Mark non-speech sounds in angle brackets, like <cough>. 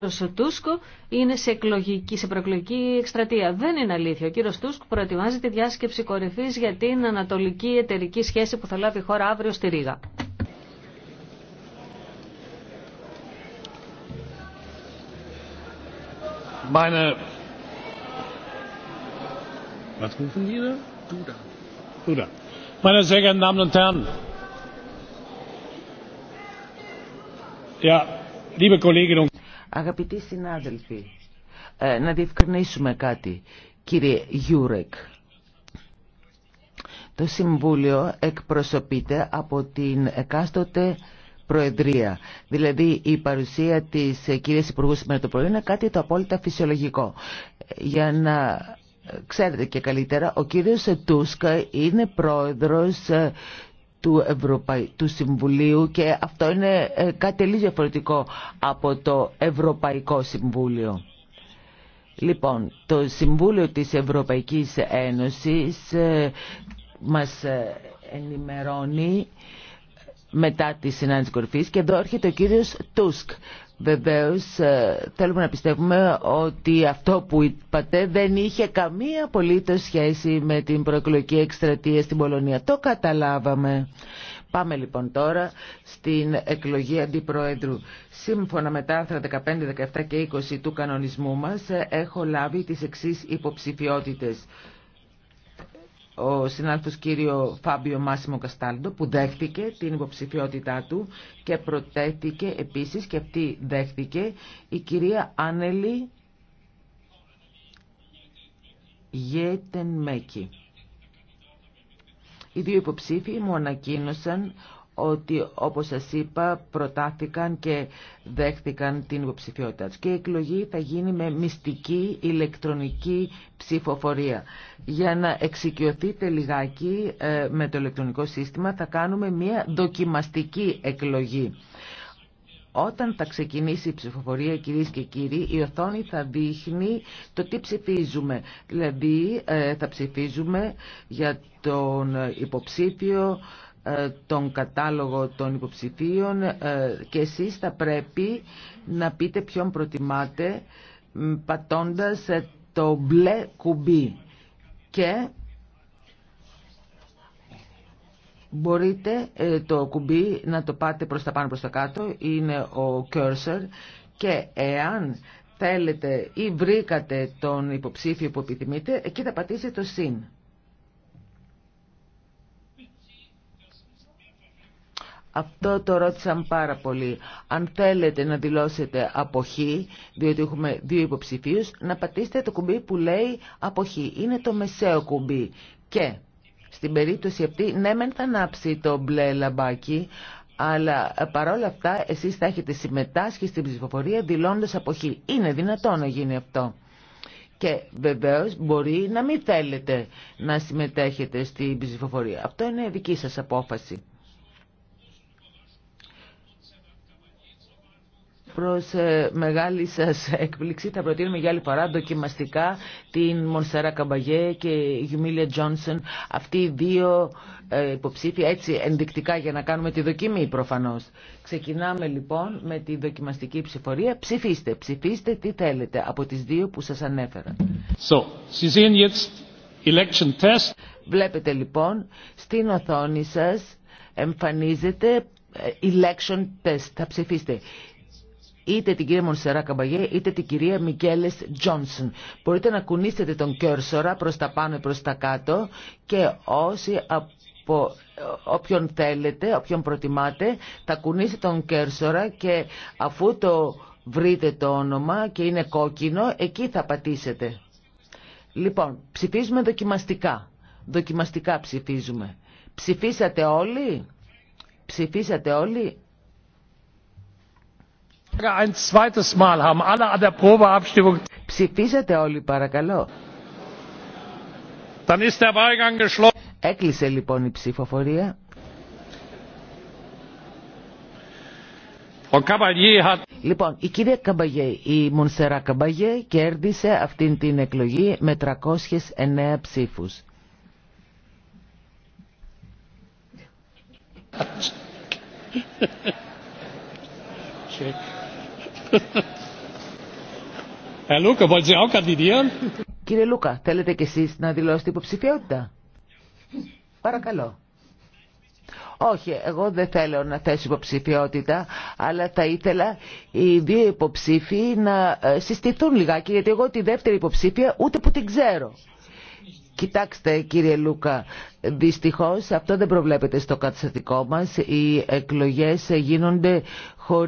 ο Τούσκο είναι σε, εκλογική, σε προεκλογική εκστρατεία. Δεν είναι αλήθεια. Ο κύριο Τούσκο προετοιμάζει τη διάσκεψη κορυφή για την ανατολική εταιρική σχέση που θα λάβει η χώρα αύριο στη Ρήγα. Meine... Was rufen die Αγαπητοί συνάδελφοι, ε, να διευκρινίσουμε κάτι. Κύριε Γιούρεκ, το Συμβούλιο εκπροσωπείται από την εκάστοτε Προεδρία. Δηλαδή η παρουσία της ε, κυρίας Υπουργού σήμερα το πρωί είναι κάτι το απόλυτα φυσιολογικό. Για να ε, ξέρετε και καλύτερα, ο κύριος Τούσκα είναι πρόεδρος του, Συμβουλίου και αυτό είναι ε, κάτι τελείως διαφορετικό από το Ευρωπαϊκό Συμβούλιο. Λοιπόν, το Συμβούλιο της Ευρωπαϊκής Ένωσης ε, μας ε, ενημερώνει μετά τη συνάντηση κορυφή και εδώ έρχεται ο κύριος Τούσκ. Βεβαίως ε, θέλουμε να πιστεύουμε ότι αυτό που είπατε δεν είχε καμία απολύτω σχέση με την προεκλογική εκστρατεία στην Πολωνία. Το καταλάβαμε. Πάμε λοιπόν τώρα στην εκλογή αντιπρόεδρου. Σύμφωνα με τα άρθρα 15, 17 και 20 του κανονισμού μας ε, έχω λάβει τις εξής υποψηφιότητες ο συνάδελφος κύριο Φάμπιο Μάσιμο Καστάλντο που δέχτηκε την υποψηφιότητά του και προτέθηκε επίσης και αυτή δέχτηκε η κυρία Άνελη Γέτεν Μέκη. Οι δύο υποψήφοι μου ανακοίνωσαν ότι όπως σας είπα προτάθηκαν και δέχθηκαν την υποψηφιότητα τους. Και η εκλογή θα γίνει με μυστική ηλεκτρονική ψηφοφορία. Για να εξοικειωθείτε λιγάκι ε, με το ηλεκτρονικό σύστημα θα κάνουμε μια δοκιμαστική εκλογή. Όταν θα ξεκινήσει η ψηφοφορία, κυρίε και κύριοι, η οθόνη θα δείχνει το τι ψηφίζουμε. Δηλαδή, ε, θα ψηφίζουμε για τον υποψήφιο, ε, τον κατάλογο των υποψηφίων ε, και εσείς θα πρέπει να πείτε ποιον προτιμάτε πατώντας ε, το μπλε κουμπί και μπορείτε το κουμπί να το πάτε προς τα πάνω προς τα κάτω είναι ο cursor και εάν θέλετε ή βρήκατε τον υποψήφιο που επιθυμείτε εκεί θα πατήσετε το συν Αυτό το ρώτησαν πάρα πολύ. Αν θέλετε να δηλώσετε αποχή, διότι έχουμε δύο υποψηφίους, να πατήσετε το κουμπί που λέει αποχή. Είναι το μεσαίο κουμπί. Και στην περίπτωση αυτή, ναι μεν θα ανάψει το μπλε λαμπάκι, αλλά παρόλα αυτά εσείς θα έχετε συμμετάσχει στην ψηφοφορία δηλώνοντας αποχή. Είναι δυνατό να γίνει αυτό. Και βεβαίως μπορεί να μην θέλετε να συμμετέχετε στην ψηφοφορία. Αυτό είναι δική σας απόφαση. προς ε, μεγάλη σας έκπληξη θα προτείνουμε για άλλη φορά δοκιμαστικά την Μονσέρα Καμπαγέ και η Γιουμίλια Τζόνσον αυτοί οι δύο ε, υποψήφοι έτσι ενδεικτικά για να κάνουμε τη δοκιμή προφανώς. Ξεκινάμε λοιπόν με τη δοκιμαστική ψηφορία. Ψηφίστε, ψηφίστε τι θέλετε από τις δύο που σας ανέφερα. Βλέπετε λοιπόν στην οθόνη σας εμφανίζεται ε, election test. Θα ψηφίστε είτε την κυρία Μονσερά Καμπαγέ είτε την κυρία Μικέλε Τζόνσον. Μπορείτε να κουνήσετε τον κέρσορα προ τα πάνω ή προ τα κάτω και όσοι από όποιον θέλετε, όποιον προτιμάτε, θα κουνήσετε τον κέρσορα και αφού το βρείτε το όνομα και είναι κόκκινο, εκεί θα πατήσετε. Λοιπόν, ψηφίζουμε δοκιμαστικά. Δοκιμαστικά ψηφίζουμε. Ψηφίσατε όλοι. Ψηφίσατε όλοι. Ψηφίσατε όλοι παρακαλώ. Έκλεισε λοιπόν η ψηφοφορία. Λοιπόν, η κυρία Καμπαγέ, η Μονσερά Καμπαγέ κέρδισε αυτήν την εκλογή με 309 ψήφους. Check. <laughs> Κύριε Λούκα, θέλετε κι εσείς να δηλώσετε υποψηφιότητα. Παρακαλώ. Όχι, εγώ δεν θέλω να θέσω υποψηφιότητα, αλλά θα ήθελα οι δύο υποψήφοι να ε, συστηθούν λιγάκι, γιατί εγώ τη δεύτερη υποψήφια ούτε που την ξέρω. Κοιτάξτε κύριε Λούκα, δυστυχώς αυτό δεν προβλέπεται στο καταστατικό μας. Οι εκλογές γίνονται χωρίς...